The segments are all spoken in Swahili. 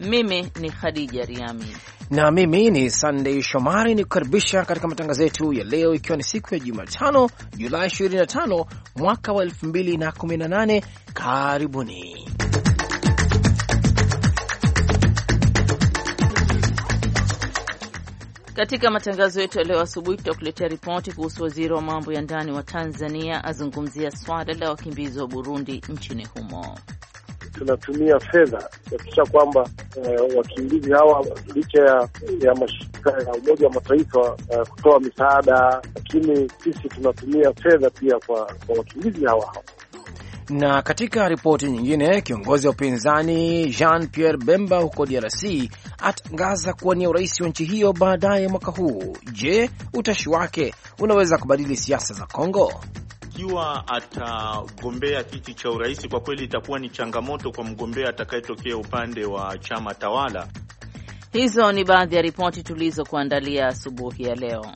Mimi ni Khadija Riami na mimi ni Sunday Shomari, ni kukaribisha katika matangazo yetu ya leo, ikiwa ni siku ya Jumatano Julai 25 mwaka wa 2018. Karibuni katika matangazo yetu ya leo asubuhi. Tutakuletea ripoti kuhusu waziri wa mambo ya ndani wa Tanzania azungumzia swala la wakimbizi wa Burundi nchini humo tunatumia fedha kuhakikisha kwamba e, wakimbizi hawa licha ya, ya mashirika ya Umoja wa Mataifa e, kutoa misaada, lakini sisi tunatumia fedha pia kwa, kwa wakimbizi hawa hawa. Na katika ripoti nyingine, kiongozi wa upinzani Jean Pierre Bemba huko DRC atangaza kuwania urais wa nchi hiyo baadaye mwaka huu. Je, utashi wake unaweza kubadili siasa za Kongo? ikiwa atagombea kiti cha urais, kwa kweli itakuwa ni changamoto kwa mgombea atakayetokea upande wa chama tawala. Hizo ni baadhi ya ripoti tulizokuandalia asubuhi ya leo.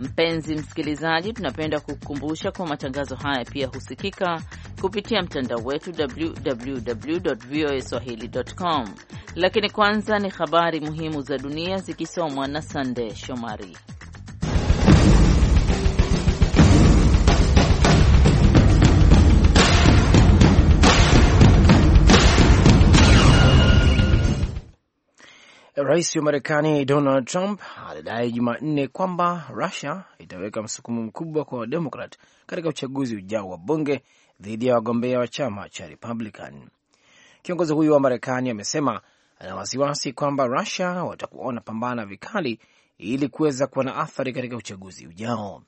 Mpenzi msikilizaji, tunapenda kukukumbusha kwa matangazo haya pia husikika kupitia mtandao wetu www voa swahili.com. Lakini kwanza ni habari muhimu za dunia zikisomwa na Sande Shomari. Rais wa Marekani Donald Trump alidai Jumanne kwamba Rusia itaweka msukumo mkubwa kwa Wademokrat katika uchaguzi ujao wa bunge dhidi ya wagombea wa chama cha Republican. Kiongozi huyo wa Marekani amesema ana wasiwasi kwamba Rusia watakuwa wanapambana vikali ili kuweza kuwa na athari katika uchaguzi ujao.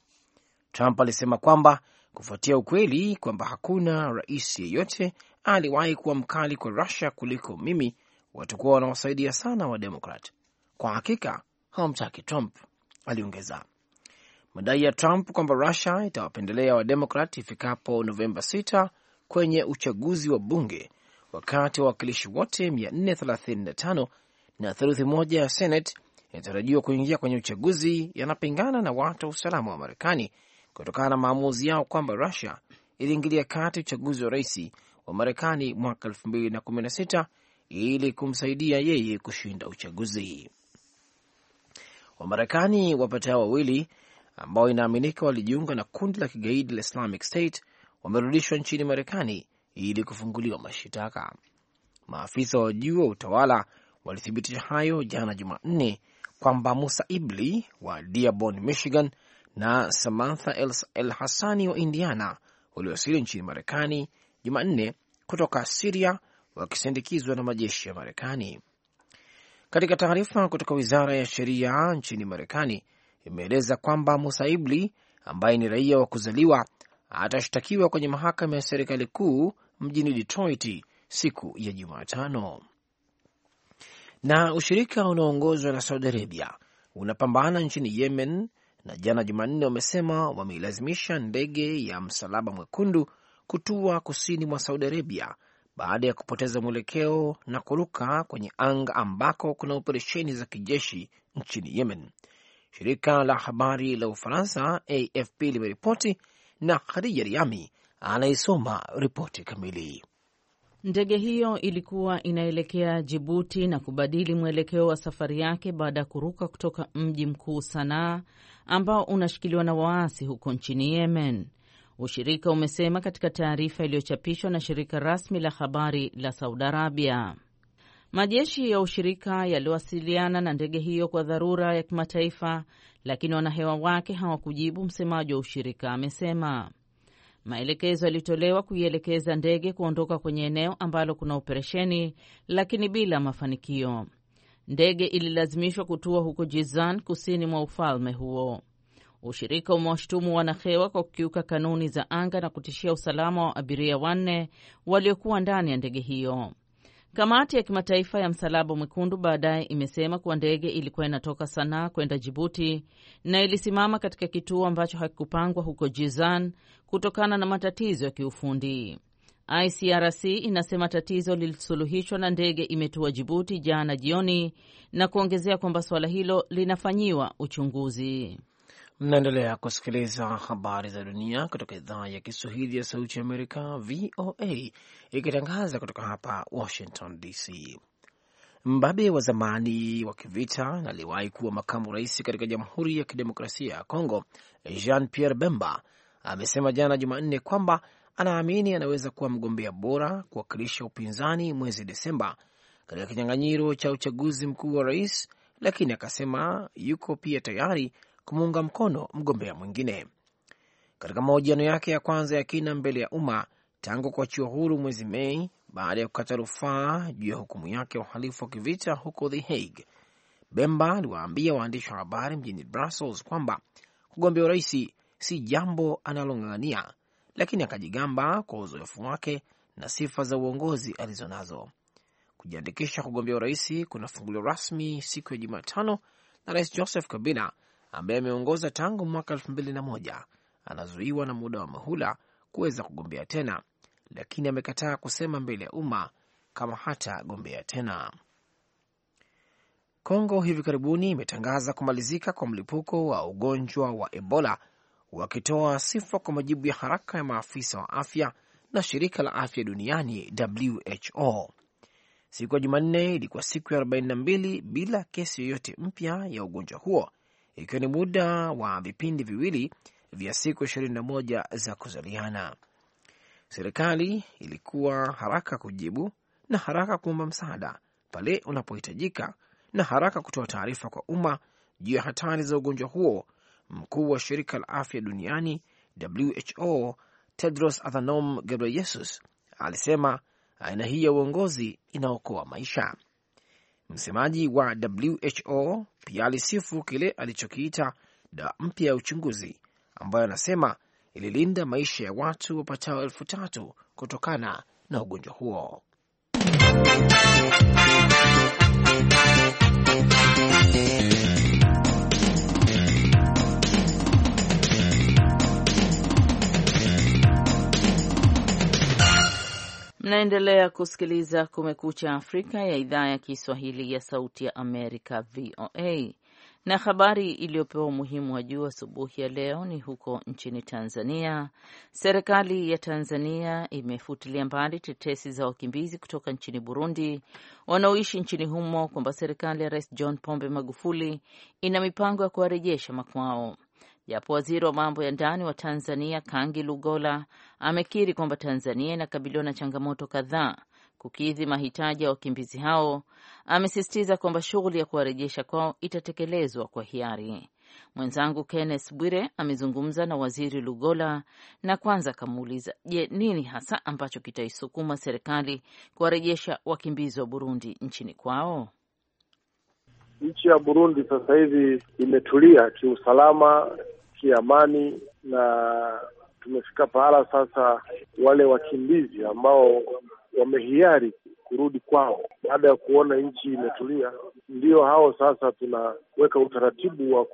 Trump alisema kwamba kufuatia ukweli kwamba hakuna rais yeyote aliwahi kuwa mkali kwa Rusia kuliko mimi watakuwa wanawasaidia sana Wademokrat. Kwa hakika hawamtaki Trump, aliongeza. Madai ya Trump kwamba Rusia itawapendelea Wademokrat ifikapo Novemba 6 kwenye uchaguzi wa bunge wakati wa wawakilishi wote 435 na theluthi moja ya Senate inatarajiwa kuingia kwenye uchaguzi yanapingana na watu wa usalama wa Marekani kutokana na maamuzi yao kwamba Rusia iliingilia kati uchaguzi wa rais wa Marekani mwaka 2016 ili kumsaidia yeye kushinda uchaguzi. Wamarekani wapatao wawili ambao inaaminika walijiunga na kundi la kigaidi la Islamic State wamerudishwa nchini Marekani ili kufunguliwa mashitaka. Maafisa wa juu wa utawala walithibitisha hayo jana Jumanne kwamba Musa Ibli wa Dearborn, Michigan na Samantha El Hassani wa Indiana waliwasili nchini Marekani Jumanne kutoka Siria wakisindikizwa na majeshi ya Marekani. Katika taarifa kutoka wizara ya sheria nchini Marekani imeeleza kwamba Musaibli ambaye ni raia wa kuzaliwa atashtakiwa kwenye mahakama ya serikali kuu mjini Detroit siku ya Jumatano. Na ushirika unaoongozwa na Saudi Arabia unapambana nchini Yemen, na jana Jumanne wamesema wameilazimisha ndege ya Msalaba Mwekundu kutua kusini mwa Saudi Arabia baada ya kupoteza mwelekeo na kuruka kwenye anga ambako kuna operesheni za kijeshi nchini Yemen. Shirika la habari la Ufaransa AFP limeripoti na Khadija Riami anaisoma ripoti kamili. Ndege hiyo ilikuwa inaelekea Jibuti na kubadili mwelekeo wa safari yake baada ya kuruka kutoka mji mkuu Sanaa ambao unashikiliwa na waasi huko nchini Yemen ushirika umesema katika taarifa iliyochapishwa na shirika rasmi la habari la Saudi Arabia. Majeshi ya ushirika yaliwasiliana na ndege hiyo kwa dharura ya kimataifa, lakini wanahewa wake hawakujibu, msemaji wa ushirika amesema. Maelekezo yalitolewa kuielekeza ndege kuondoka kwenye eneo ambalo kuna operesheni, lakini bila mafanikio. Ndege ililazimishwa kutua huko Jizan, kusini mwa ufalme huo. Ushirika umewashutumu wanahewa kwa kukiuka kanuni za anga na kutishia usalama wa abiria wanne waliokuwa ndani ya ndege hiyo. Kamati ya kimataifa ya Msalaba Mwekundu baadaye imesema kuwa ndege ilikuwa inatoka Sanaa kwenda Jibuti na ilisimama katika kituo ambacho hakikupangwa huko Jizan kutokana na matatizo ya kiufundi. ICRC inasema tatizo lilisuluhishwa na ndege imetua Jibuti jana jioni na kuongezea kwamba suala hilo linafanyiwa uchunguzi. Mnaendelea kusikiliza habari za dunia kutoka idhaa ya Kiswahili ya Sauti ya Amerika, VOA, ikitangaza kutoka hapa Washington DC. Mbabe wa zamani wa kivita na aliwahi kuwa makamu rais katika Jamhuri ya Kidemokrasia ya Kongo, Jean Pierre Bemba amesema jana Jumanne kwamba anaamini anaweza kuwa mgombea bora kuwakilisha upinzani mwezi Desemba katika kinyang'anyiro cha uchaguzi mkuu wa rais, lakini akasema yuko pia tayari kumuunga mkono mgombea mwingine. Katika mahojiano yake ya kwanza ya kina mbele ya umma tangu kuachiwa huru mwezi Mei baada ya kukata rufaa juu ya hukumu yake ya uhalifu wa kivita huko The Hague, Bemba aliwaambia waandishi wa habari mjini Brussels kwamba kugombea urais si jambo analong'ang'ania, lakini akajigamba kwa uzoefu wake na sifa za uongozi alizonazo. Kujiandikisha kugombea urais kunafunguliwa rasmi siku ya Jumatano na Rais Joseph Kabila ambaye ameongoza tangu mwaka elfu mbili na moja anazuiwa na muda wa muhula kuweza kugombea tena, lakini amekataa kusema mbele ya umma kama hata gombea tena. Kongo hivi karibuni imetangaza kumalizika kwa mlipuko wa ugonjwa wa Ebola, wakitoa sifa kwa majibu ya haraka ya maafisa wa afya na shirika la afya duniani WHO. Siku ya Jumanne ilikuwa siku ya 42 bila kesi yoyote mpya ya ugonjwa huo ikiwa ni muda wa vipindi viwili vya siku 21 za kuzaliana. Serikali ilikuwa haraka kujibu na haraka kuomba msaada pale unapohitajika na haraka kutoa taarifa kwa umma juu ya hatari za ugonjwa huo. Mkuu wa shirika la afya duniani WHO Tedros Adhanom Ghebreyesus alisema aina hii ya uongozi inaokoa maisha. Msemaji wa WHO pia alisifu kile alichokiita dawa mpya ya uchunguzi ambayo anasema ililinda maisha ya watu wapatao elfu tatu kutokana na ugonjwa huo. Mnaendelea kusikiliza Kumekucha Afrika ya idhaa ya Kiswahili ya Sauti ya Amerika, VOA. Na habari iliyopewa umuhimu wa juu asubuhi ya leo ni huko nchini Tanzania. Serikali ya Tanzania imefutilia mbali tetesi za wakimbizi kutoka nchini Burundi wanaoishi nchini humo kwamba serikali ya Rais John Pombe Magufuli ina mipango ya kuwarejesha makwao japo waziri wa mambo ya ndani wa Tanzania Kangi Lugola amekiri kwamba Tanzania inakabiliwa na changamoto kadhaa kukidhi mahitaji ya wakimbizi hao, amesisitiza kwamba shughuli ya kuwarejesha kwao itatekelezwa kwa hiari. Mwenzangu Kenneth Bwire amezungumza na waziri Lugola na kwanza akamuuliza, je, nini hasa ambacho kitaisukuma serikali kuwarejesha wakimbizi wa Burundi nchini kwao? Nchi ya Burundi sasa hivi imetulia kiusalama, kiamani na tumefika pahala sasa, wale wakimbizi ambao wamehiari kurudi kwao baada ya kuona nchi imetulia, ndio hao sasa tunaweka utaratibu wa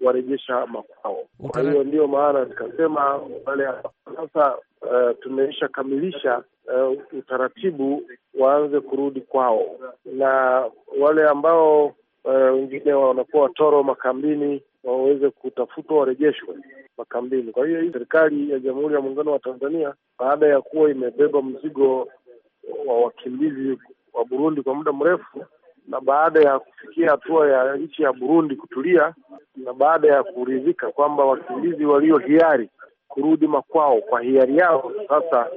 kuwarejesha makwao. Kwa hiyo ndio maana nikasema wale sasa, uh, kamilisha uh, utaratibu waanze kurudi kwao, na wale ambao eh, wengine uh, wanakuwa watoro makambini waweze kutafutwa warejeshwe makambini. Kwa hiyo hii serikali ya Jamhuri ya Muungano wa Tanzania baada ya kuwa imebeba mzigo wa wakimbizi wa Burundi kwa muda mrefu na baada ya kufikia hatua ya nchi ya Burundi kutulia na baada ya kuridhika kwamba wakimbizi walio hiari kurudi makwao kwa hiari yao, sasa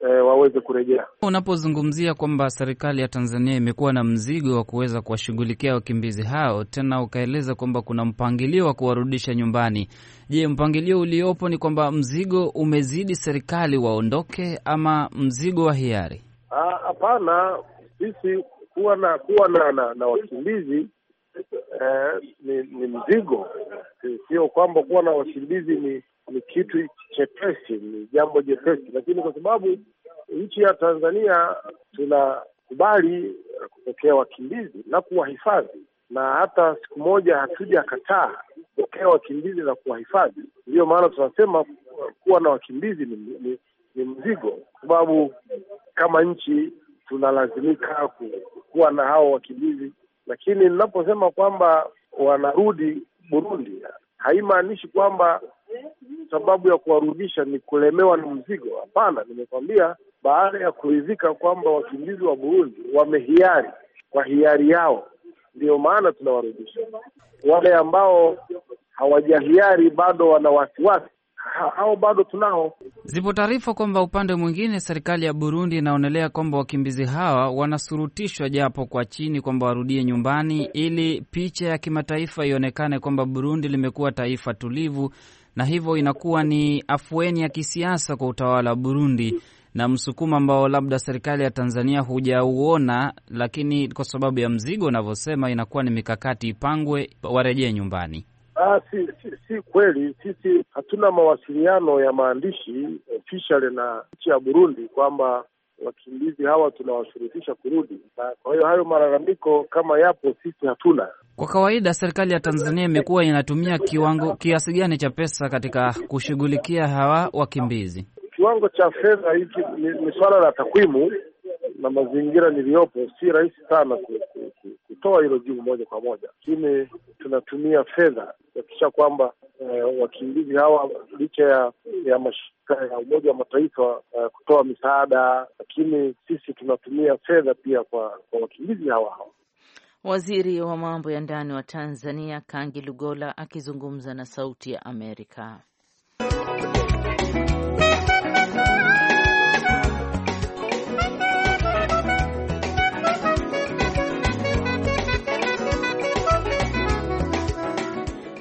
e, waweze kurejea. Unapozungumzia kwamba serikali ya Tanzania imekuwa na mzigo wa kuweza kuwashughulikia wakimbizi hao, tena ukaeleza kwamba kuna mpangilio wa kuwarudisha nyumbani. Je, mpangilio uliopo ni kwamba mzigo umezidi serikali waondoke, ama mzigo wa hiari? Hapana, sisi kuwa na kuwa na, na, na wakimbizi eh, ni, ni mzigo, sio kwamba kuwa na wakimbizi ni ni kitu chepesi, ni jambo jepesi, lakini kwa sababu nchi ya Tanzania tunakubali kupokea wakimbizi na kuwahifadhi na hata siku moja hatuja kataa kupokea wakimbizi na kuwahifadhi. Ndiyo maana tunasema kuwa na wakimbizi ni, ni, ni mzigo, kwa sababu kama nchi tunalazimika kuwa na hao wakimbizi. Lakini ninaposema kwamba wanarudi Burundi haimaanishi kwamba sababu ya kuwarudisha ni kulemewa na mzigo? Hapana, nimekwambia baada ya kuridhika kwamba wakimbizi wa Burundi wamehiari kwa hiari yao, ndiyo maana tunawarudisha. Wale ambao hawajahiari bado wana wasiwasi au bado tunao. Zipo taarifa kwamba upande mwingine serikali ya Burundi inaonelea kwamba wakimbizi hawa wanasurutishwa japo kwa chini, kwamba warudie nyumbani ili picha ya kimataifa ionekane kwamba Burundi limekuwa taifa tulivu na hivyo inakuwa ni afueni ya kisiasa kwa utawala wa Burundi na msukumo ambao labda serikali ya Tanzania hujauona, lakini kwa sababu ya mzigo unavyosema, inakuwa ni mikakati ipangwe warejee nyumbani. Ah, si, si, si kweli. Sisi hatuna mawasiliano ya maandishi official na nchi ya Burundi kwamba wakimbizi hawa tunawashurutisha kurudi. Kwa hiyo hayo malalamiko kama yapo, sisi hatuna. Kwa kawaida, serikali ya Tanzania imekuwa inatumia kiwango kiasi gani cha pesa katika kushughulikia hawa wakimbizi? Kiwango cha fedha hiki ni, ni suala la takwimu na mazingira niliyopo, si rahisi sana kutoa hilo jibu moja kwa moja, lakini tunatumia fedha kuhakikisha kwamba eh, wakimbizi hawa licha ya ya mash mashirika ya Umoja wa Mataifa uh, kutoa misaada, lakini sisi tunatumia fedha pia kwa kwa wakimbizi hawa hawa. Waziri wa mambo ya ndani wa Tanzania Kangi Lugola akizungumza na Sauti ya Amerika.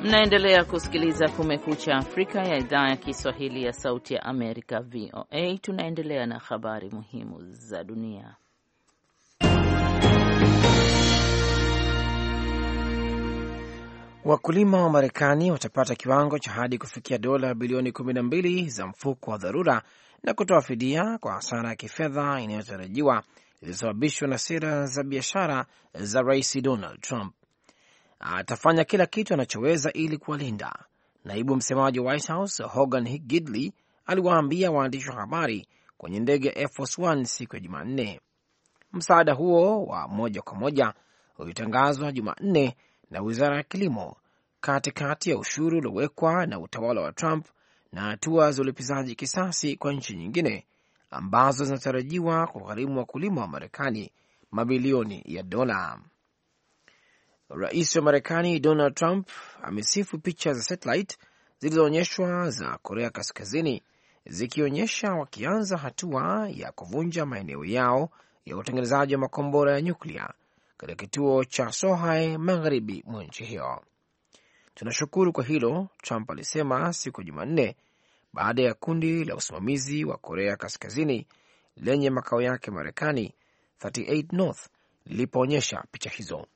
Mnaendelea kusikiliza Kumekucha Afrika ya idhaa ya Kiswahili ya Sauti ya Amerika, VOA. Tunaendelea na habari muhimu za dunia. Wakulima wa Marekani watapata kiwango cha hadi kufikia dola bilioni 12 za mfuko wa dharura na kutoa fidia kwa hasara ya kifedha inayotarajiwa ilizosababishwa na sera za biashara za Rais Donald Trump atafanya kila kitu anachoweza ili kuwalinda. Naibu msemaji wa White House Hogan Gidley aliwaambia waandishi wa habari kwenye ndege ya Air Force One siku ya Jumanne. Msaada huo wa moja kwa moja ulitangazwa Jumanne na wizara ya kilimo katikati ya ushuru uliowekwa na utawala wa Trump na hatua za ulipizaji kisasi kwa nchi nyingine ambazo zinatarajiwa kugharimu wakulima wa Marekani mabilioni ya dola. Rais wa Marekani Donald Trump amesifu picha za satellite zilizoonyeshwa za Korea Kaskazini zikionyesha wakianza hatua ya kuvunja maeneo yao ya utengenezaji wa makombora ya nyuklia katika kituo cha Sohae magharibi mwa nchi hiyo. Tunashukuru kwa hilo, Trump alisema siku ya Jumanne baada ya kundi la usimamizi wa Korea Kaskazini lenye makao yake Marekani 38 North lilipoonyesha picha hizo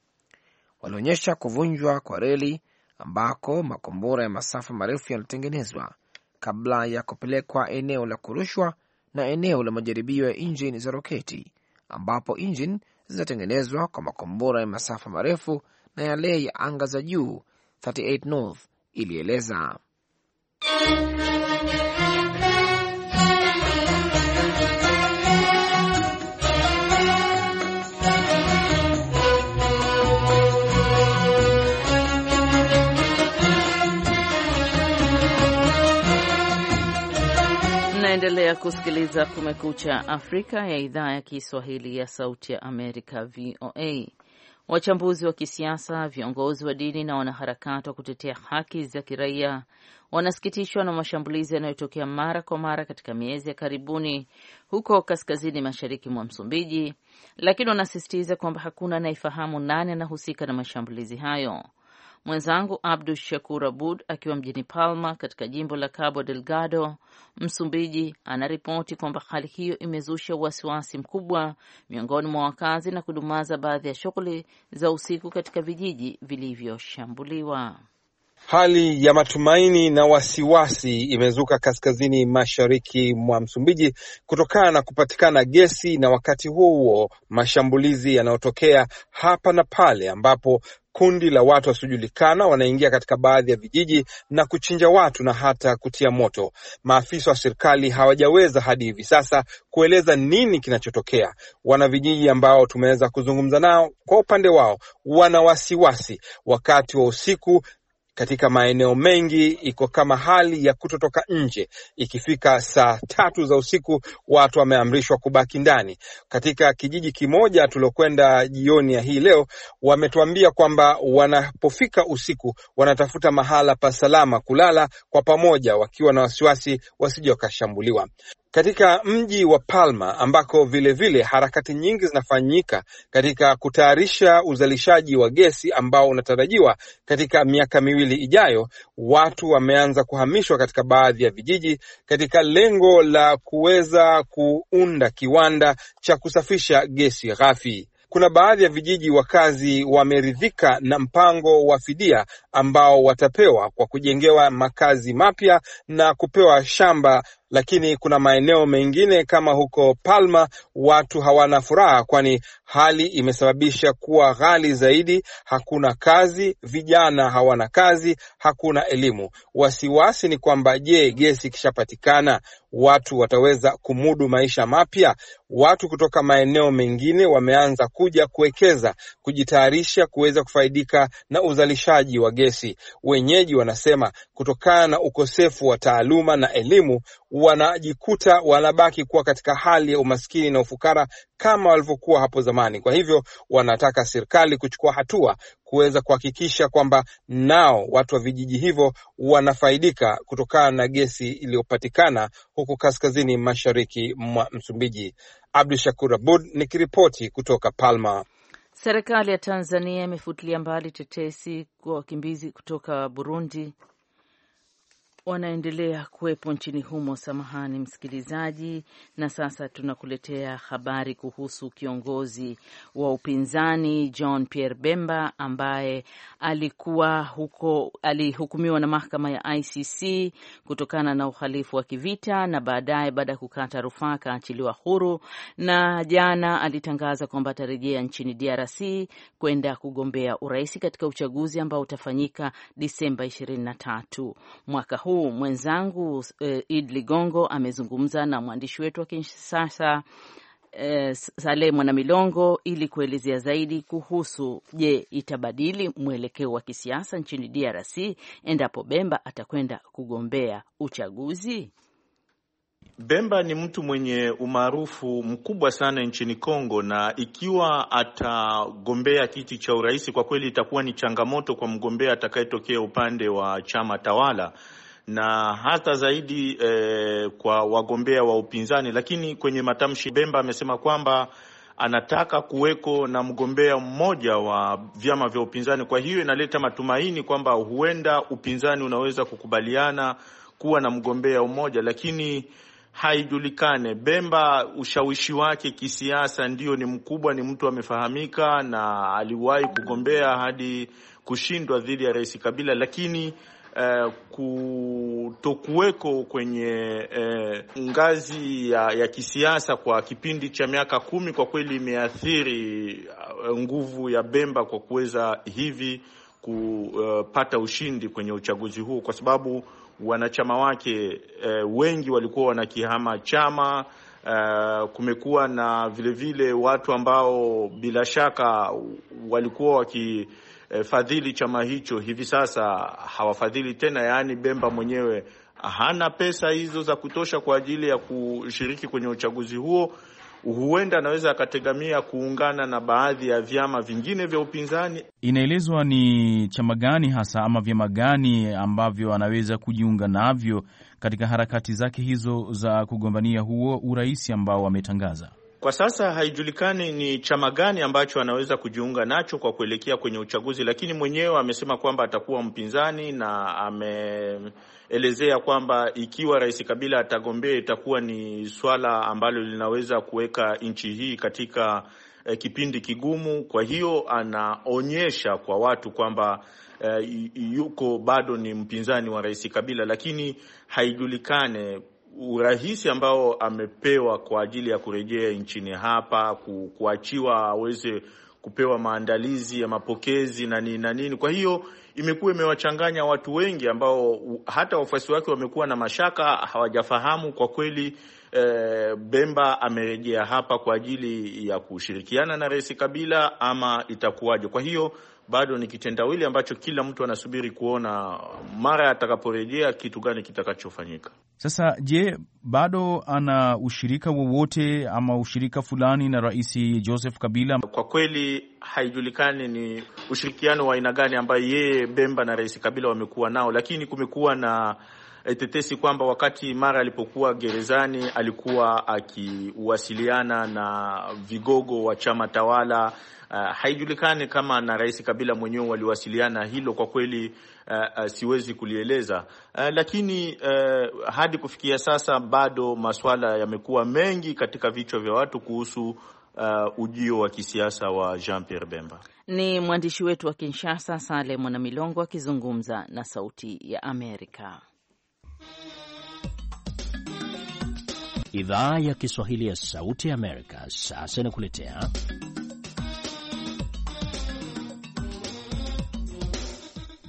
walionyesha kuvunjwa kwa reli ambako makombora ya masafa marefu yanatengenezwa kabla ya kupelekwa eneo la kurushwa na eneo la majaribio ya injini za roketi ambapo injini zinatengenezwa kwa makombora ya masafa marefu na yale ya anga za juu 38 North ilieleza. Unaendelea kusikiliza Kumekucha Afrika ya idhaa ya Kiswahili ya Sauti ya Amerika, VOA. Wachambuzi wa kisiasa, viongozi wa dini na wanaharakati wa kutetea haki za kiraia wanasikitishwa na mashambulizi yanayotokea mara kwa mara katika miezi ya karibuni huko kaskazini mashariki mwa Msumbiji, lakini wanasisitiza kwamba hakuna anayefahamu nani anahusika na mashambulizi hayo. Mwenzangu Abdu Shakur Abud akiwa mjini Palma katika jimbo la Cabo Delgado, Msumbiji, anaripoti kwamba hali hiyo imezusha wasiwasi mkubwa miongoni mwa wakazi na kudumaza baadhi ya shughuli za usiku katika vijiji vilivyoshambuliwa. Hali ya matumaini na wasiwasi imezuka kaskazini mashariki mwa Msumbiji kutokana na kupatikana gesi na wakati huo huo mashambulizi yanayotokea hapa na pale, ambapo Kundi la watu wasiojulikana wanaingia katika baadhi ya vijiji na kuchinja watu na hata kutia moto. Maafisa wa serikali hawajaweza hadi hivi sasa kueleza nini kinachotokea. Wanavijiji ambao tumeweza kuzungumza nao, kwa upande wao wana wasiwasi. Wakati wa usiku katika maeneo mengi iko kama hali ya kutotoka nje. Ikifika saa tatu za usiku, watu wameamrishwa kubaki ndani. Katika kijiji kimoja tuliokwenda jioni ya hii leo, wametuambia kwamba wanapofika usiku wanatafuta mahala pa salama kulala kwa pamoja, wakiwa na wasiwasi wasije wakashambuliwa katika mji wa Palma ambako vilevile vile harakati nyingi zinafanyika katika kutayarisha uzalishaji wa gesi ambao unatarajiwa katika miaka miwili ijayo. Watu wameanza kuhamishwa katika baadhi ya vijiji katika lengo la kuweza kuunda kiwanda cha kusafisha gesi ghafi. Kuna baadhi ya vijiji wakazi wameridhika na mpango wa fidia ambao watapewa kwa kujengewa makazi mapya na kupewa shamba lakini kuna maeneo mengine kama huko Palma watu hawana furaha, kwani hali imesababisha kuwa ghali zaidi. Hakuna kazi, vijana hawana kazi, hakuna elimu. Wasiwasi ni kwamba je, gesi ikishapatikana watu wataweza kumudu maisha mapya? Watu kutoka maeneo mengine wameanza kuja kuwekeza, kujitayarisha kuweza kufaidika na uzalishaji wa gesi. Wenyeji wanasema kutokana na ukosefu wa taaluma na elimu wanajikuta wanabaki kuwa katika hali ya umaskini na ufukara kama walivyokuwa hapo zamani. Kwa hivyo wanataka serikali kuchukua hatua kuweza kuhakikisha kwamba nao watu wa vijiji hivyo wanafaidika kutokana na gesi iliyopatikana huku kaskazini mashariki mwa Msumbiji. Abdu Shakur Abud nikiripoti kutoka Palma. Serikali ya Tanzania imefutilia mbali tetesi kwa wakimbizi kutoka Burundi wanaendelea kuwepo nchini humo. Samahani msikilizaji. Na sasa tunakuletea habari kuhusu kiongozi wa upinzani John Pierre Bemba ambaye alikuwa huko, alihukumiwa na mahakama ya ICC kutokana na uhalifu wa kivita, na baadaye baada ya kukata rufaa akaachiliwa huru, na jana alitangaza kwamba atarejea nchini DRC kwenda kugombea urais katika uchaguzi ambao utafanyika Disemba 23 mwaka huu huu. Mwenzangu eh, Id Ligongo amezungumza na mwandishi wetu wa Kinshasa eh, Saleh Mwanamilongo ili kuelezea zaidi kuhusu, je, itabadili mwelekeo wa kisiasa nchini DRC endapo Bemba atakwenda kugombea uchaguzi. Bemba ni mtu mwenye umaarufu mkubwa sana nchini Kongo, na ikiwa atagombea kiti cha urais, kwa kweli itakuwa ni changamoto kwa mgombea atakayetokea upande wa chama tawala na hata zaidi eh, kwa wagombea wa upinzani. Lakini kwenye matamshi, Bemba amesema kwamba anataka kuweko na mgombea mmoja wa vyama vya upinzani. Kwa hiyo inaleta matumaini kwamba huenda upinzani unaweza kukubaliana kuwa na mgombea mmoja, lakini haijulikane. Bemba ushawishi wake kisiasa ndio ni mkubwa, ni mtu amefahamika, na aliwahi kugombea hadi kushindwa dhidi ya Rais Kabila, lakini eh, kutokuweko kwenye eh, ngazi ya, ya kisiasa kwa kipindi cha miaka kumi kwa kweli imeathiri eh, nguvu ya Bemba kwa kuweza hivi kupata eh, ushindi kwenye uchaguzi huo kwa sababu wanachama wake eh, wengi walikuwa wanakihama chama. Uh, kumekuwa na vile vile watu ambao bila shaka walikuwa waki e, fadhili chama hicho hivi sasa hawafadhili tena, yaani Bemba mwenyewe hana pesa hizo za kutosha kwa ajili ya kushiriki kwenye uchaguzi huo. Huenda anaweza akategemea kuungana na baadhi ya vyama vingine vya upinzani. Inaelezwa ni chama gani hasa ama vyama gani ambavyo anaweza kujiunga navyo katika harakati zake hizo za kugombania huo urais ambao ametangaza? Kwa sasa haijulikani ni chama gani ambacho anaweza kujiunga nacho kwa kuelekea kwenye uchaguzi, lakini mwenyewe amesema kwamba atakuwa mpinzani na ameelezea kwamba ikiwa Rais Kabila atagombea itakuwa ni swala ambalo linaweza kuweka nchi hii katika eh, kipindi kigumu. Kwa hiyo anaonyesha kwa watu kwamba eh, yuko bado ni mpinzani wa Rais Kabila, lakini haijulikane urahisi ambao amepewa kwa ajili ya kurejea nchini hapa, ku, kuachiwa aweze kupewa maandalizi ya mapokezi na nini na nini. Kwa hiyo imekuwa imewachanganya watu wengi ambao hata wafuasi wake wamekuwa na mashaka, hawajafahamu kwa kweli e, Bemba amerejea hapa kwa ajili ya kushirikiana na Rais Kabila ama itakuwaje? Kwa hiyo bado ni kitendawili ambacho kila mtu anasubiri kuona mara atakaporejea kitu gani kitakachofanyika. Sasa je, bado ana ushirika wowote ama ushirika fulani na Rais Joseph Kabila? Kwa kweli haijulikani ni ushirikiano wa aina gani ambayo yeye Bemba na Rais Kabila wamekuwa nao, lakini kumekuwa na tetesi kwamba wakati mara alipokuwa gerezani alikuwa akiwasiliana na vigogo wa chama tawala. Uh, haijulikani kama na Rais Kabila mwenyewe waliwasiliana. Hilo kwa kweli uh, uh, siwezi kulieleza uh, lakini uh, hadi kufikia sasa bado masuala yamekuwa mengi katika vichwa vya watu kuhusu uh, ujio wa kisiasa wa Jean Pierre Bemba. Ni mwandishi wetu wa Kinshasa Sale Mwanamilongo akizungumza na Sauti ya Amerika. Idhaa ya Kiswahili ya Sauti ya Amerika sasa inakuletea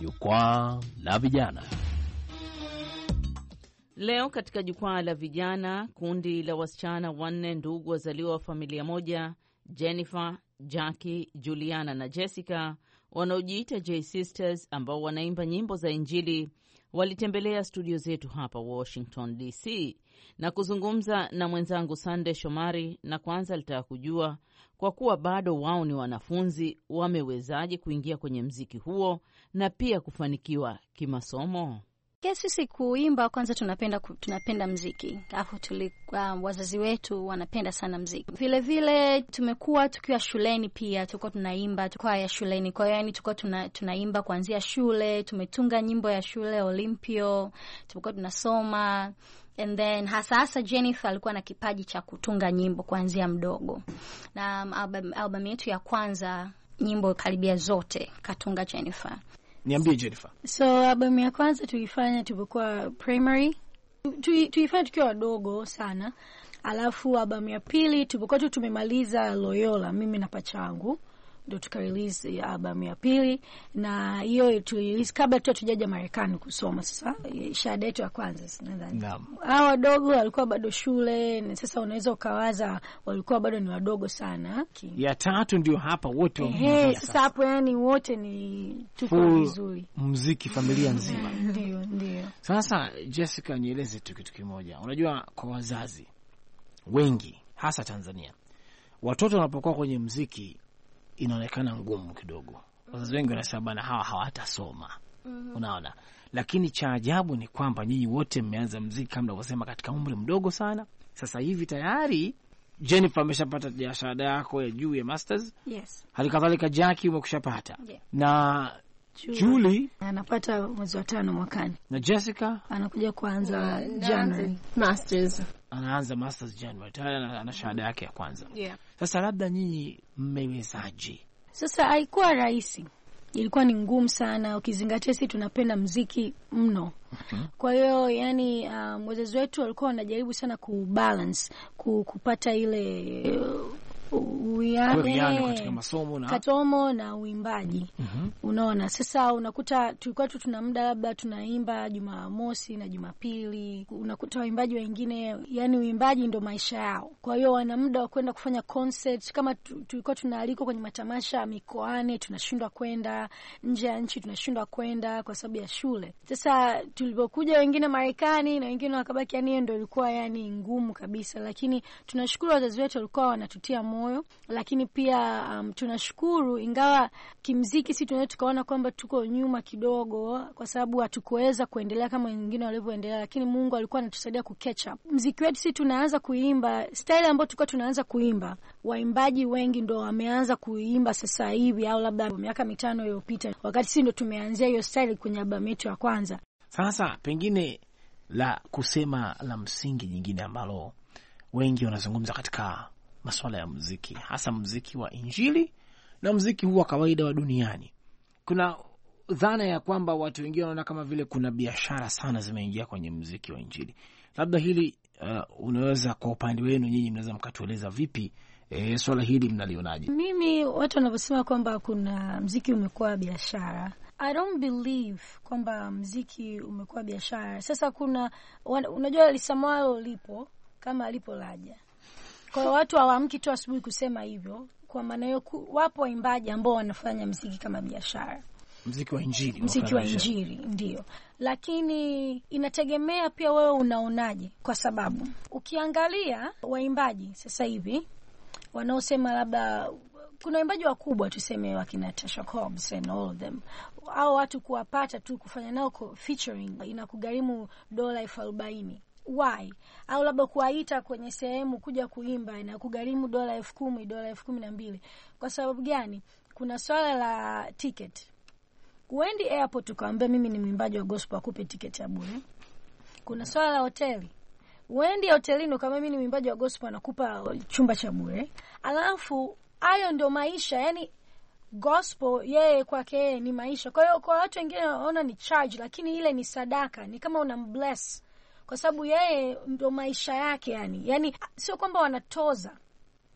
Jukwaa la Vijana. Leo katika Jukwaa la Vijana, kundi la wasichana wanne ndugu wazaliwa wa familia moja, Jennifer, Jackie, Juliana na Jessica, wanaojiita J Sisters, ambao wanaimba nyimbo za Injili, walitembelea studio zetu hapa Washington DC na kuzungumza na mwenzangu Sande Shomari, na kwanza alitaka kujua kwa kuwa bado wao ni wanafunzi, wamewezaje kuingia kwenye mziki huo na pia kufanikiwa kimasomo? Yes, sisi kuimba kwanza tunapenda, tunapenda mziki alafu um, wazazi wetu wanapenda sana mziki vilevile. Tumekuwa tukiwa shuleni pia tukuwa tunaimba tukwa ya shuleni, kwa hiyo yani tulikuwa tuna, tunaimba kuanzia shule. Tumetunga nyimbo ya shule Olimpio, tumekuwa tunasoma and then hasa hasa Jennifer alikuwa na kipaji cha kutunga nyimbo kuanzia mdogo, na um, albamu album yetu ya kwanza nyimbo karibia zote katunga Jennifer. Niambie Jennifer. So albamu ya kwanza tulifanya tulipokuwa primary, tulifanya tukiwa wadogo sana, alafu albamu ya pili tulipokuwa tu tumemaliza Loyola, mimi na pachangu ndo tukarelease albamu ya pili, na hiyo tulirelease kabla tu tujaja Marekani kusoma. Sasa eh, shahada yetu ya kwanza, nadhani hao wadogo walikuwa bado shule, na sasa unaweza ukawaza walikuwa bado ni wadogo sana. Ya tatu ndio hapa wote wameingia sasa hapo, yani wote ni tuko vizuri, mziki familia mm, nzima ndio ndio. Sasa Jessica, nieleze tu kitu kimoja, unajua kwa wazazi wengi hasa Tanzania, watoto wanapokuwa kwenye mziki inaonekana ngumu kidogo. Wazazi wengi wanasema bana, hawa hawatasoma. mm -hmm. Unaona, lakini cha ajabu ni kwamba nyinyi wote mmeanza mziki kama navyosema katika umri mdogo sana. Sasa hivi tayari Jennifer ameshapata shahada yako ya juu ya masters. Yes. Hali kadhalika Jackie umekushapata. Yeah. na Julie anapata mwezi wa tano mwakani, na Jessica anakuja kuanza January masters anaanza masters January tayari ana shahada yake ya kwanza yeah. Sasa labda nyinyi mmewezaje? Sasa haikuwa rahisi, ilikuwa ni ngumu sana, ukizingatia sisi tunapenda mziki mno. Mhm. Kwa hiyo yani, um, wazazi wetu walikuwa wanajaribu sana kubalance kupata ile uh, kuwiano katika masomo na katomo na uimbaji mm -hmm. Unaona, sasa unakuta tulikuwa tu tuna muda labda tunaimba Jumamosi na Jumapili, unakuta waimbaji wengine, yani uimbaji ndo maisha yao, kwa hiyo wana muda wa kwenda kufanya concert. Kama tulikuwa tunaalikwa kwenye matamasha mikoani, tunashindwa kwenda nje ya nchi, tunashindwa kwenda kwa sababu ya shule. Sasa tulipokuja wengine Marekani na wengine wakabaki, yani hiyo ndo ilikuwa yani ngumu kabisa, lakini tunashukuru wazazi wetu walikuwa wanatutia moyo lakini pia um, tunashukuru ingawa kimziki si tunaweza tukaona kwamba tuko nyuma kidogo, kwa sababu hatukuweza kuendelea kama wengine walivyoendelea, lakini Mungu alikuwa anatusaidia ku catch up. Mziki wetu si tunaanza kuimba style ambayo tulikuwa tunaanza kuimba, waimbaji wengi ndo wameanza kuimba sasa hivi, au labda miaka mitano iliyopita, wakati si ndo tumeanzia hiyo style kwenye albamu yetu ya kwanza. Sasa pengine la kusema la msingi nyingine ambalo wengi wanazungumza katika masuala ya mziki, hasa mziki wa Injili na mziki huu wa kawaida wa duniani. Kuna dhana ya kwamba watu wengine wanaona kama vile kuna biashara sana zimeingia kwenye mziki wa Injili. Labda hili uh, unaweza kwa upande wenu nyinyi mnaweza mkatueleza vipi? E, swala hili mnalionaje? Mimi watu wanavyosema kwamba kuna mziki umekuwa biashara I don't believe kwamba mziki umekuwa biashara. Sasa kuna wan, unajua lisamalo lipo kama alipo laja kwa hiyo watu hawaamki tu asubuhi kusema hivyo. Kwa maana hiyo, wapo waimbaji ambao wanafanya mziki kama biashara mziki wa Injili, mziki wa Injili ndio, lakini inategemea pia wewe unaonaje, kwa sababu ukiangalia waimbaji sasa hivi wanaosema labda kuna waimbaji wakubwa tuseme wakina Tasha Cobbs and all of them, au watu kuwapata tu kufanya nao featuring inakugharimu dola elfu arobaini why au labda kuwaita kwenye sehemu kuja kuimba na kugharimu dola elfu kumi dola elfu kumi na mbili Kwa sababu gani? Kuna swala la ticket. Uendi airport ukaambia mimi ni mwimbaji wa gospel, akupe ticket ya bure. Kuna swala la hoteli uendi hotelini kama mimi ni mwimbaji wa gospel anakupa chumba cha bure. Alafu hayo ndio maisha, yani gospel yeye kwake yeye ni maisha. Kwa hiyo kwa watu wengine wanaona ni charge, lakini ile ni sadaka, ni kama unambless bless kwa sababu yeye ndo maisha yake yani. Yani sio kwamba wanatoza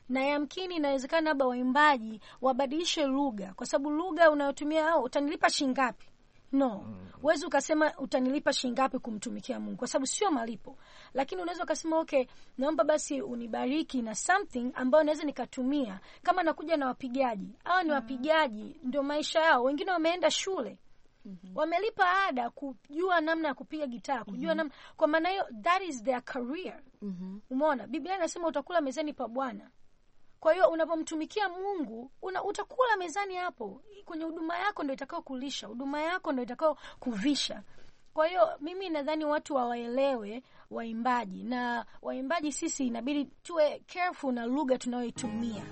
na yamkini inawezekana labda waimbaji wabadilishe lugha, kwa sababu lugha unayotumia au utanilipa shingapi? No, mm-hmm. huwezi ukasema utanilipa shingapi kumtumikia Mungu kwa sababu sio malipo, lakini unaweza ukasema okay, naomba basi unibariki na something ambayo naweza nikatumia. Kama nakuja na wapigaji, hawa ni mm. wapigaji, ndio maisha yao. Wengine wameenda shule -hmm. wamelipa ada kujua namna ya kupiga gitaa, kujua mm-hmm. namna. Kwa maana hiyo that is their career. Mm-hmm. Umeona, Biblia inasema utakula mezani pa Bwana. Kwa hiyo unapomtumikia Mungu una, utakula mezani hapo, kwenye huduma yako ndo itakao kulisha, huduma yako ndo itakao kuvisha. Kwa hiyo mimi nadhani watu wawaelewe waimbaji, na waimbaji sisi inabidi tuwe careful na lugha tunayoitumia.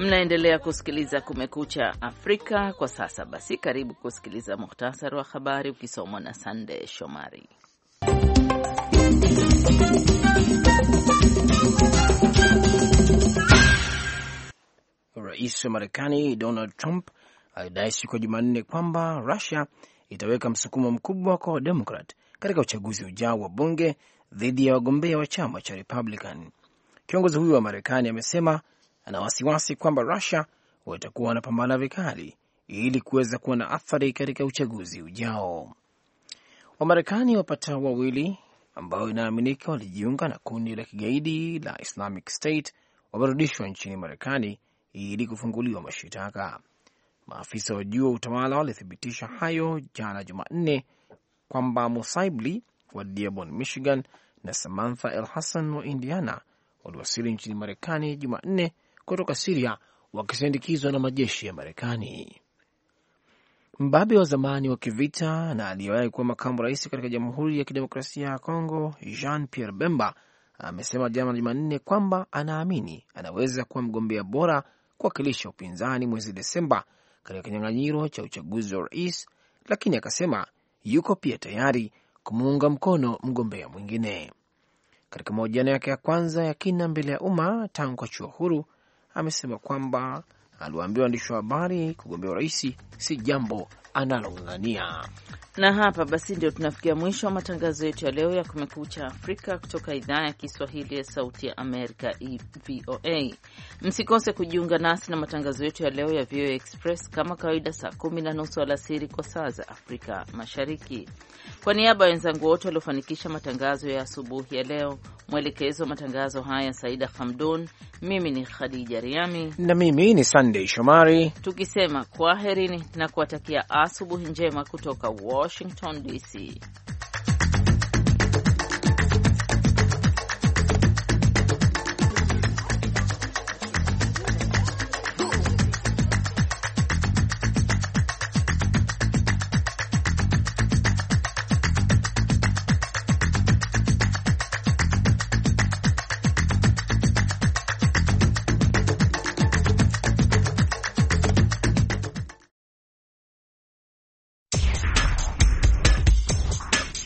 Mnaendelea kusikiliza Kumekucha Afrika kwa sasa. Basi karibu kusikiliza muhtasari wa habari ukisomwa na Sande Shomari. Rais wa Marekani Donald Trump alidai siku ya Jumanne kwamba Rusia itaweka msukumo mkubwa kwa Wademokrat katika uchaguzi ujao wa bunge dhidi ya wagombea wa chama cha Republican. Kiongozi huyo wa Marekani amesema ana wasiwasi kwamba Rusia watakuwa wanapambana vikali ili kuweza kuwa na athari katika uchaguzi ujao. Wamarekani wapatao wawili ambao inaaminika walijiunga na kundi la kigaidi la Islamic State wamerudishwa nchini Marekani ili kufunguliwa mashitaka. Maafisa wa juu wa utawala walithibitisha hayo jana Jumanne kwamba Musaibli wa Dearborn, Michigan na Samantha El Hassan wa Indiana waliwasili nchini Marekani Jumanne kutoka Siria wakisindikizwa na majeshi ya Marekani. Mbabe wa zamani wa kivita na aliyewahi kuwa makamu rais katika Jamhuri ya Kidemokrasia ya Kongo, Jean Pierre Bemba amesema jana Jumanne kwamba anaamini anaweza kuwa mgombea bora kuwakilisha upinzani mwezi Desemba katika kinyang'anyiro cha uchaguzi wa rais, lakini akasema yuko pia tayari kumuunga mkono mgombea mwingine. Katika mahojiano yake ya kwanza ya kina mbele ya umma tangu achua huru, amesema kwamba aliwaambia waandishi wa habari kugombea urais si jambo analong'ang'ania. Na hapa basi ndio tunafikia mwisho wa matangazo yetu ya leo ya Kumekucha Afrika kutoka idhaa ya Kiswahili ya Sauti ya Amerika, e, VOA. Msikose kujiunga nasi na matangazo yetu ya leo ya VOA Express kama kawaida, saa kumi na nusu alasiri kwa saa za Afrika Mashariki. Kwa niaba ya wenzangu wote waliofanikisha matangazo ya asubuhi ya leo, mwelekezo wa matangazo haya Saida Hamdun, mimi ni Khadija Riami na mimi ni Sandey Shomari, tukisema kwaherini na kuwatakia asubuhi njema kutoka Washington DC.